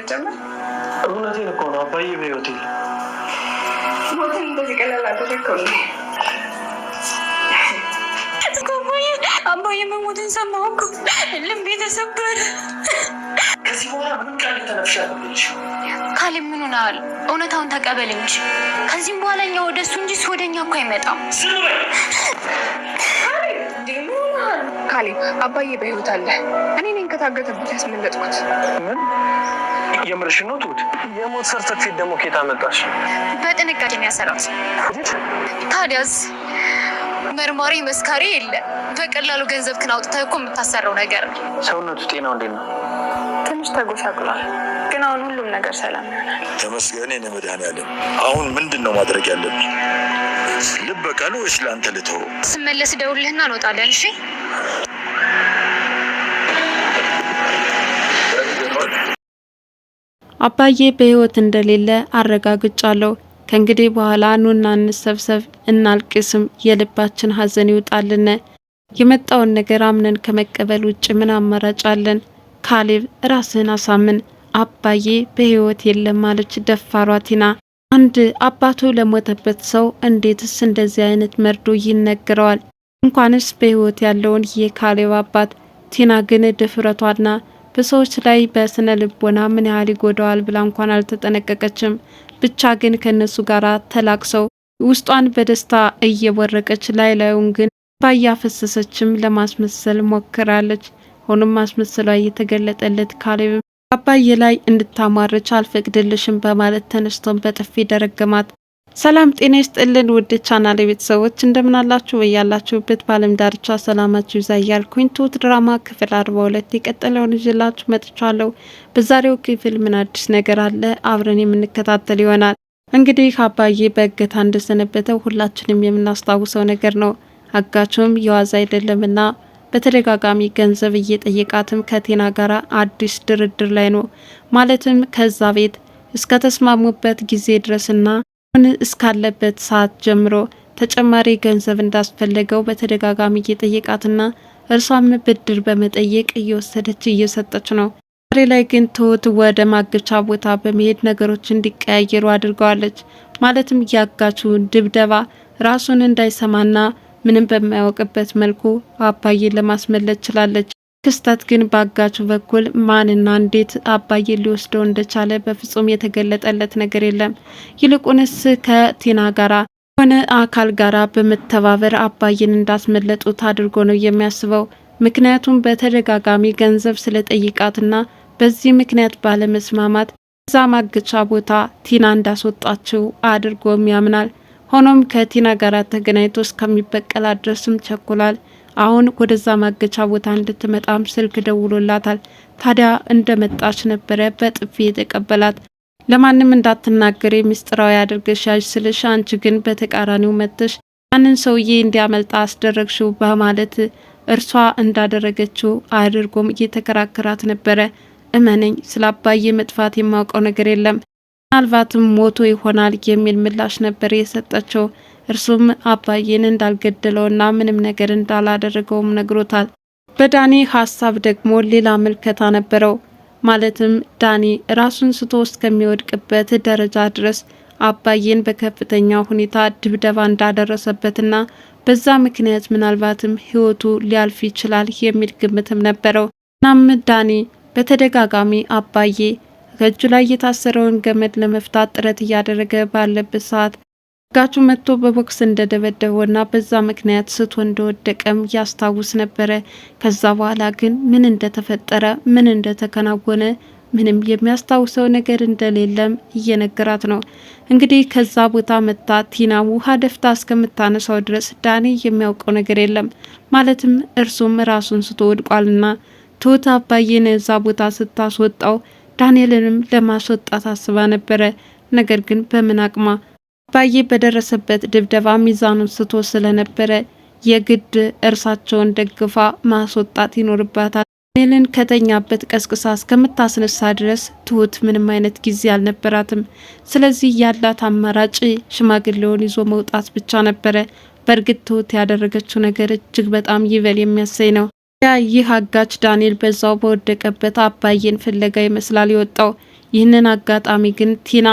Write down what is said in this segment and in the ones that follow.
ነገር ጨምር። እውነቴን እኮ ነው አባዬ። በህይወቴ ሞትን እንደዚህ ቀላል አደረግከው። አባዬ መሞትን ሰማሁ እኮ ልቤ ተሰበረ። ከዚህ በኋላ ምን ቃል ተነፍሻለች። ካሌ ምን ሆነሃል? እውነታውን ተቀበል እንጂ ከዚህም በኋላ እኛ ወደ እሱ እንጂ ወደ እኛ እኮ አይመጣም። ካሌ አባዬ በህይወት አለ። እኔ ነኝ ከታገተበት ያስመለጥኩት። የምርሽ ነው ትሁት? የሞት ሰርተፊኬት ደግሞ ኬታ መጣሽ? በጥንቃቄ ነው ያሰራት። ታዲያስ መርማሪ መስካሪ የለ። በቀላሉ ገንዘብ ክን አውጥተህ እኮ የምታሰረው ነገር ነው። ሰውነቱ ጤናው እንዴት ነው? ትንሽ ተጎሳቅሏል፣ ግን አሁን ሁሉም ነገር ሰላም ይሆናል። ተመስገን የእኔ መድኃኒዓለም። አሁን ምንድን ነው ማድረግ ያለብኝ? ልበቀል ወይስ ለአንተ ልተው? ስመለስ ደውልህና እንወጣለን። እሺ አባዬ በህይወት እንደሌለ አረጋግጫለሁ። ከእንግዲህ በኋላ ኑና እንሰብሰብ፣ እናልቅስም፣ የልባችን ሀዘን ይውጣልን። የመጣውን ነገር አምነን ከመቀበል ውጭ ምን አማራጭ አለን? ካሌብ ራስህን አሳምን። አባዬ በህይወት የለም አለች ደፋሯ ቲና። አንድ አባቱ ለሞተበት ሰው እንዴትስ እንደዚህ አይነት መርዶ ይነግረዋል? እንኳንስ በህይወት ያለውን የካሌብ አባት። ቲና ግን ድፍረቷና በሰዎች ላይ በስነ ልቦና ምን ያህል ይጎዳዋል ብላ እንኳን አልተጠነቀቀችም። ብቻ ግን ከእነሱ ጋር ተላቅሰው ውስጧን በደስታ እየቦረቀች ላይ ላዩን ግን ባያፈሰሰችም ለማስመሰል ሞክራለች። ሆኖም ማስመሰሏ እየተገለጠለት ካሌብም አባዬ ላይ እንድታማረች አልፈቅድልሽም በማለት ተነስቶን በጥፊ ደረገማት። ሰላም ጤና ይስጥልን ውድ ቻናል ቤተሰቦች እንደምን አላችሁ? በያላችሁበት በአለም ዳርቻ ሰላማችሁ ይዛ እያልኩኝ ትሁት ድራማ ክፍል አርባ ሁለት የቀጠለውን ይዤላችሁ መጥቻለሁ። በዛሬው ክፍል ምን አዲስ ነገር አለ? አብረን የምንከታተል ይሆናል። እንግዲህ አባዬ በእገታ እንደሰነበተው ሁላችንም የምናስታውሰው ነገር ነው። አጋቹም የዋዛ አይደለምና በተደጋጋሚ ገንዘብ እየጠየቃትም ከቴና ጋር አዲስ ድርድር ላይ ነው። ማለትም ከዛ ቤት እስከ ተስማሙበት ጊዜ ድረስና አሁን እስካለበት ሰዓት ጀምሮ ተጨማሪ ገንዘብ እንዳስፈለገው በተደጋጋሚ እየጠየቃትና እርሷም ብድር በመጠየቅ እየወሰደች እየሰጠች ነው። ዛሬ ላይ ግን ትሁት ወደ ማገቻ ቦታ በመሄድ ነገሮች እንዲቀያየሩ አድርገዋለች። ማለትም ያጋቹ ድብደባ ራሱን እንዳይሰማና ምንም በማያውቅበት መልኩ አባዬን ለማስመለት ችላለች። ክስተት ግን በአጋቹ በኩል ማንና እንዴት አባዬ ሊወስደው እንደቻለ በፍጹም የተገለጠለት ነገር የለም። ይልቁንስ ከቲና ጋራ ሆነ አካል ጋራ በመተባበር አባዬን እንዳስመለጡት አድርጎ ነው የሚያስበው። ምክንያቱም በተደጋጋሚ ገንዘብ ስለጠይቃትና በዚህ ምክንያት ባለመስማማት እዛ ማገቻ ቦታ ቲና እንዳስወጣችው አድርጎም ያምናል። ሆኖም ከቲና ጋር ተገናኝቶ እስከሚበቀላት ድረስም ቸኩላል። አሁን ወደዛ ማገቻ ቦታ እንድትመጣም ስልክ ደውሎላታል። ታዲያ እንደመጣች ነበረ በጥፊ የተቀበላት። ለማንም እንዳትናገር ምስጢራዊ አድርገሽ ያዥ ስልሽ፣ አንቺ ግን በተቃራኒው መጥተሽ ያንን ሰውዬ እንዲያመልጣ አስደረግሽው በማለት እርሷ እንዳደረገችው አድርጎም እየተከራከራት ነበረ። እመነኝ ስለ አባዬ መጥፋት የማውቀው ነገር የለም ምናልባትም ሞቶ ይሆናል የሚል ምላሽ ነበር የሰጠችው። እርሱም አባዬን እንዳልገደለውና ምንም ነገር እንዳላደረገውም ነግሮታል። በዳኒ ሀሳብ ደግሞ ሌላ ምልከታ ነበረው። ማለትም ዳኒ ራሱን ስቶ እስከሚወድቅበት ደረጃ ድረስ አባዬን በከፍተኛ ሁኔታ ድብደባ እንዳደረሰበትና በዛ ምክንያት ምናልባትም ህይወቱ ሊያልፍ ይችላል የሚል ግምትም ነበረው። እናም ዳኒ በተደጋጋሚ አባዬ ከእጁ ላይ የታሰረውን ገመድ ለመፍታት ጥረት እያደረገ ባለበት ሰዓት ጋቹ መጥቶ በቦክስ እንደደበደበውና በዛ ምክንያት ስቶ እንደወደቀም ያስታውስ ነበረ። ከዛ በኋላ ግን ምን እንደተፈጠረ ምን እንደተከናወነ ምንም የሚያስታውሰው ነገር እንደሌለም እየነገራት ነው። እንግዲህ ከዛ ቦታ መጥታ ቲና ውሃ ደፍታ እስከምታነሳው ድረስ ዳኔ የሚያውቀው ነገር የለም። ማለትም እርሱም ራሱን ስቶ ወድቋልና ትሁት አባዬን እዛ ቦታ ስታስወጣው ዳንኤልንም ለማስወጣት አስባ ነበረ። ነገር ግን በምን አቅማ አባዬ በደረሰበት ድብደባ ሚዛኑን ስቶ ስለነበረ የግድ እርሳቸውን ደግፋ ማስወጣት ይኖርባታል። ዳንኤልን ከተኛበት ቀስቅሳ እስከምታስነሳ ድረስ ትሁት ምንም አይነት ጊዜ አልነበራትም። ስለዚህ ያላት አማራጭ ሽማግሌውን ይዞ መውጣት ብቻ ነበረ። በእርግጥ ትሁት ያደረገችው ነገር እጅግ በጣም ይበል የሚያሰኝ ነው። ያ ይህ አጋች ዳንኤል በዛው በወደቀበት አባዬን ፍለጋ ይመስላል የወጣው። ይህንን አጋጣሚ ግን ቲና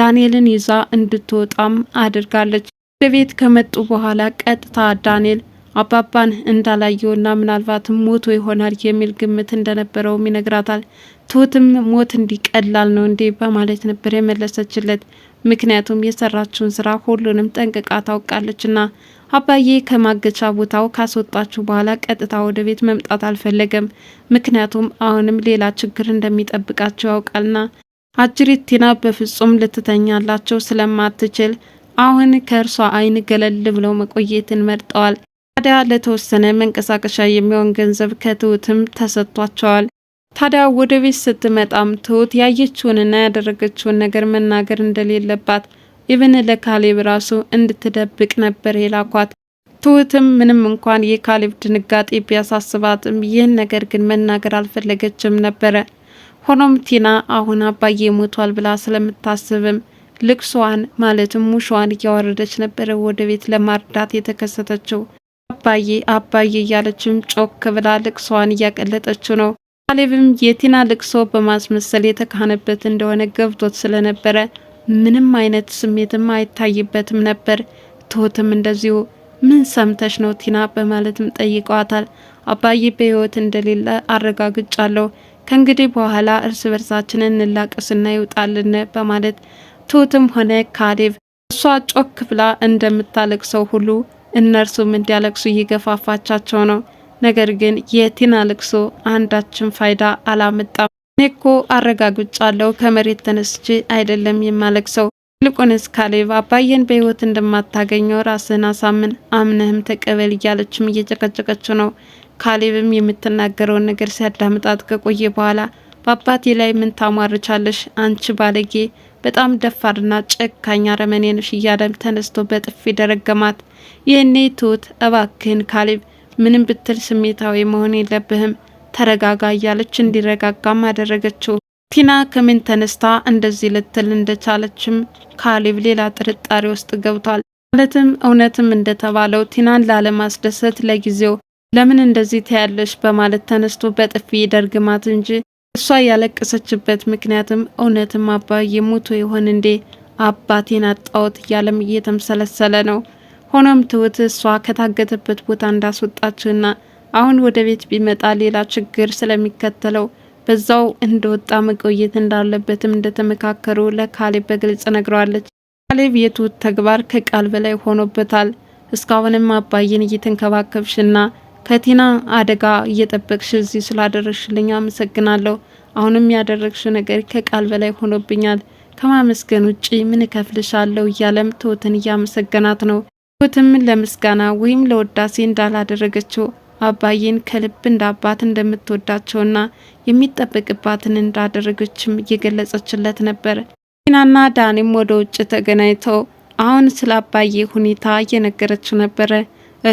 ዳንኤልን ይዛ እንድትወጣም አድርጋለች። ወደ ቤት ከመጡ በኋላ ቀጥታ ዳንኤል አባባን እንዳላየውና ምናልባትም ሞቶ ይሆናል የሚል ግምት እንደነበረውም ይነግራታል። ትሁትም ሞት እንዲቀላል ነው እንዴ በማለት ነበር የመለሰችለት። ምክንያቱም የሰራችውን ስራ ሁሉንም ጠንቅቃ ታውቃለችና። አባዬ ከማገቻ ቦታው ካስወጣችሁ በኋላ ቀጥታ ወደ ቤት መምጣት አልፈለገም። ምክንያቱም አሁንም ሌላ ችግር እንደሚጠብቃቸው ያውቃልና አጅሪት ቲና በፍጹም ልትተኛላቸው ስለማትችል አሁን ከእርሷ አይን ገለል ብለው መቆየትን መርጠዋል። ታዲያ ለተወሰነ መንቀሳቀሻ የሚሆን ገንዘብ ከትሁትም ተሰጥቷቸዋል። ታዲያ ወደ ቤት ስትመጣም ትሁት ያየችውንና ያደረገችውን ነገር መናገር እንደሌለባት ኢቭን ለካሌብ ራሱ እንድትደብቅ ነበር የላኳት። ትሁትም ምንም እንኳን የካሌብ ድንጋጤ ቢያሳስባትም ይህን ነገር ግን መናገር አልፈለገችም ነበረ። ሆኖም ቲና አሁን አባዬ ሞቷል ብላ ስለምታስብም ልቅሷን ማለትም ሙሿን እያወረደች ነበረ ወደ ቤት ለማርዳት የተከሰተችው። አባዬ አባዬ እያለችም ጮክ ብላ ልቅሷን እያቀለጠችው ነው። ካሌብም የቲና ልቅሶ በማስመሰል የተካነበት እንደሆነ ገብቶት ስለነበረ ምንም አይነት ስሜትም አይታይበትም ነበር። ትሁትም እንደዚሁ ምን ሰምተሽ ነው ቲና በማለትም ጠይቀዋታል። አባዬ በህይወት እንደሌለ አረጋግጫለሁ። ከእንግዲህ በኋላ እርስ በርሳችንን እንላቀስና ይውጣልን በማለት ትሁትም ሆነ ካሌብ እሷ ጮክ ብላ እንደምታለቅሰው ሁሉ እነርሱም እንዲያለቅሱ እየገፋፋቻቸው ነው። ነገር ግን የቲና ልቅሶ አንዳችን ፋይዳ አላመጣም። እኔ እኮ አረጋግጫለሁ ከመሬት ተነስቼ አይደለም የማለቅሰው። ይልቁንስ ካሌብ አባዬን በህይወት እንደማታገኘው ራስህን አሳምን፣ አምነህም ተቀበል እያለችም እየጨቀጨቀችው ነው። ካሌብም የምትናገረውን ነገር ሲያዳምጣት ከቆየ በኋላ በአባቴ ላይ ምን ታሟርቻለሽ? አንቺ ባለጌ፣ በጣም ደፋርና ጨካኝ አረመኔ ነሽ እያለም ተነስቶ በጥፊ ደረገማት። ይህኔ ትሁት እባክህን ካሌብ ምንም ብትል ስሜታዊ መሆን የለብህም ተረጋጋ እያለች እንዲረጋጋም አደረገችው። ቲና ከምን ተነስታ እንደዚህ ልትል እንደቻለችም ካሌብ ሌላ ጥርጣሬ ውስጥ ገብቷል። ማለትም እውነትም እንደተባለው ቲናን ላለማስደሰት ለጊዜው ለምን እንደዚህ ትያለሽ በማለት ተነስቶ በጥፊ ደርግማት እንጂ እሷ ያለቀሰችበት ምክንያትም እውነትም አባዬ ሞቶ ይሆን እንዴ አባቴን አጣሁት እያለም እየተምሰለሰለ ነው። ሆኖም ትሁት እሷ ከታገተበት ቦታ እንዳስወጣችውና አሁን ወደ ቤት ቢመጣ ሌላ ችግር ስለሚከተለው በዛው እንደወጣ መቆየት እንዳለበትም እንደተመካከሩ ለካሌብ በግልጽ ነግረዋለች። ካሌብ የትሁት ተግባር ከቃል በላይ ሆኖበታል። እስካሁንም አባይን እየተንከባከብሽና ከቲና አደጋ እየጠበቅሽ እዚህ ስላደረግሽልኝ አመሰግናለሁ። አሁንም ያደረግሽው ነገር ከቃል በላይ ሆኖብኛል። ከማመስገን ውጪ ምን እከፍልሻለሁ? እያለም ትሁትን እያመሰገናት ነው። ትም ለምስጋና ወይም ለወዳሴ እንዳላደረገችው አባዬን ከልብ እንደ አባት እንደምትወዳቸውና የሚጠበቅባትን እንዳደረገችም እየገለጸችለት ነበር። ቲናና ዳኔም ወደ ውጭ ተገናኝተው አሁን ስለ አባዬ ሁኔታ እየነገረችው ነበረ።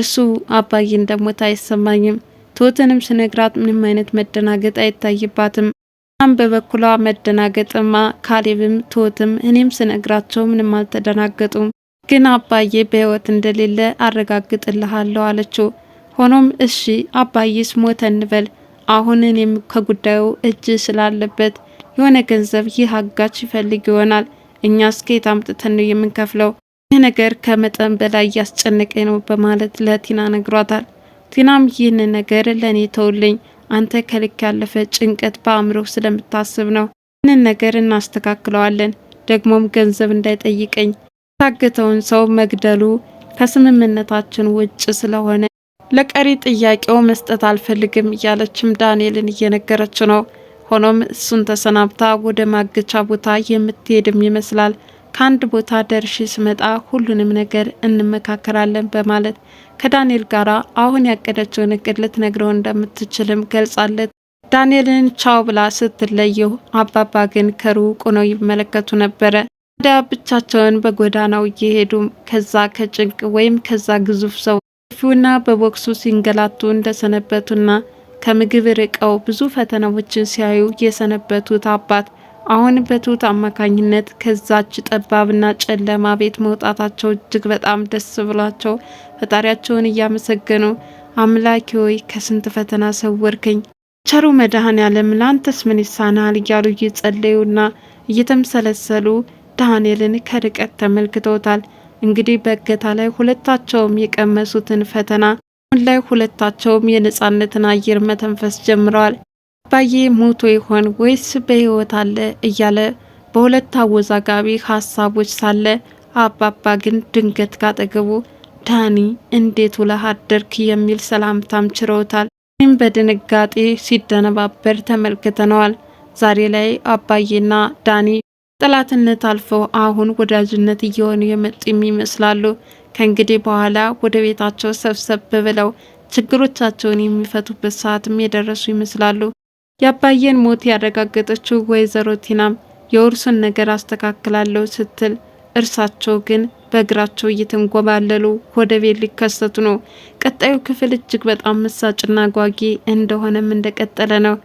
እሱ አባዬ እንደሞተ አይሰማኝም፣ ትሁትንም ስነግራት ምንም አይነት መደናገጥ አይታይባትም። እናም በበኩሏ መደናገጥማ ካሌብም ትሁትም እኔም ስነግራቸው ምንም አልተደናገጡም ግን አባዬ በህይወት እንደሌለ አረጋግጥልሃለሁ አለችው። ሆኖም እሺ አባዬስ ሞተ እንበል፣ አሁን እኔም ከጉዳዩ እጅ ስላለበት የሆነ ገንዘብ ይህ አጋች ይፈልግ ይሆናል። እኛ እስከየት አምጥተን ነው የምንከፍለው? ይህ ነገር ከመጠን በላይ እያስጨነቀኝ ነው በማለት ለቲና ነግሯታል። ቲናም ይህን ነገር ለእኔ ተውልኝ፣ አንተ ከልክ ያለፈ ጭንቀት በአእምሮህ ስለምታስብ ነው። ይህንን ነገር እናስተካክለዋለን፣ ደግሞም ገንዘብ እንዳይጠይቀኝ የታገተውን ሰው መግደሉ ከስምምነታችን ውጭ ስለሆነ ለቀሪ ጥያቄው መስጠት አልፈልግም እያለችም ዳንኤልን እየነገረች ነው። ሆኖም እሱን ተሰናብታ ወደ ማገቻ ቦታ የምትሄድም ይመስላል። ከአንድ ቦታ ደርሼ ስመጣ ሁሉንም ነገር እንመካከራለን በማለት ከዳንኤል ጋር አሁን ያቀደችውን እቅድ ልትነግረው እንደምትችልም ገልጻለት ዳንኤልን ቻው ብላ ስትለየው አባባ ግን ከሩቁ ነው ይመለከቱ ነበረ። ታዲያ ብቻቸውን በጎዳናው እየሄዱ ከዛ ከጭንቅ ወይም ከዛ ግዙፍ ሰው ፊውና በቦክሱ ሲንገላቱ እንደሰነበቱና ከምግብ ርቀው ብዙ ፈተናዎችን ሲያዩ የሰነበቱት አባት አሁን በትሁት አማካኝነት ከዛች ጠባብና ጨለማ ቤት መውጣታቸው እጅግ በጣም ደስ ብሏቸው ፈጣሪያቸውን እያመሰገኑ አምላኪ ሆይ ከስንት ፈተና ሰወርክኝ፣ ቸሩ መድኃኔ ዓለም ላንተስ ምን ይሳናል እያሉ እየጸለዩና እየተምሰለሰሉ ዳንኤልን ከርቀት ተመልክተውታል። እንግዲህ በእገታ ላይ ሁለታቸውም የቀመሱትን ፈተና አሁን ላይ ሁለታቸውም የነፃነትን አየር መተንፈስ ጀምረዋል። አባዬ ሞቶ ይሆን ወይስ በህይወት አለ እያለ በሁለት አወዛጋቢ ሀሳቦች ሳለ አባባ ግን ድንገት ካጠገቡ ዳኒ እንዴት ውለህ አደርክ የሚል ሰላምታም ችረውታል። ይህም በድንጋጤ ሲደነባበር ተመልክተነዋል። ዛሬ ላይ አባዬና ዳኒ ጠላትነት አልፈው አሁን ወዳጅነት እየሆኑ የመጡም ይመስላሉ። ከእንግዲህ በኋላ ወደ ቤታቸው ሰብሰብ ብለው ችግሮቻቸውን የሚፈቱበት ሰዓትም የደረሱ ይመስላሉ። የአባየን ሞት ያረጋገጠችው ወይዘሮ ቲናም የውርሱን ነገር አስተካክላለሁ ስትል እርሳቸው ግን በእግራቸው እየተንጎባለሉ ወደ ቤት ሊከሰቱ ነው። ቀጣዩ ክፍል እጅግ በጣም መሳጭና ጓጊ እንደሆነም እንደቀጠለ ነው።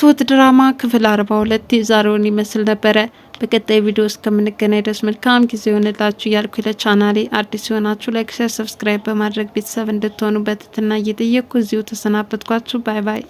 ትሁት ድራማ ክፍል አርባ ሁለት የዛሬውን ይመስል ነበረ። በቀጣይ ቪዲዮ እስከምንገናኝ ድረስ መልካም ጊዜ የሆነላችሁ እያልኩ ለቻናሌ አዲስ የሆናችሁ ላይክ፣ ሸር፣ ሰብስክራይብ በማድረግ ቤተሰብ እንድትሆኑ በትህትና እየጠየቅኩ እዚሁ ተሰናበትኳችሁ። ባይ ባይ።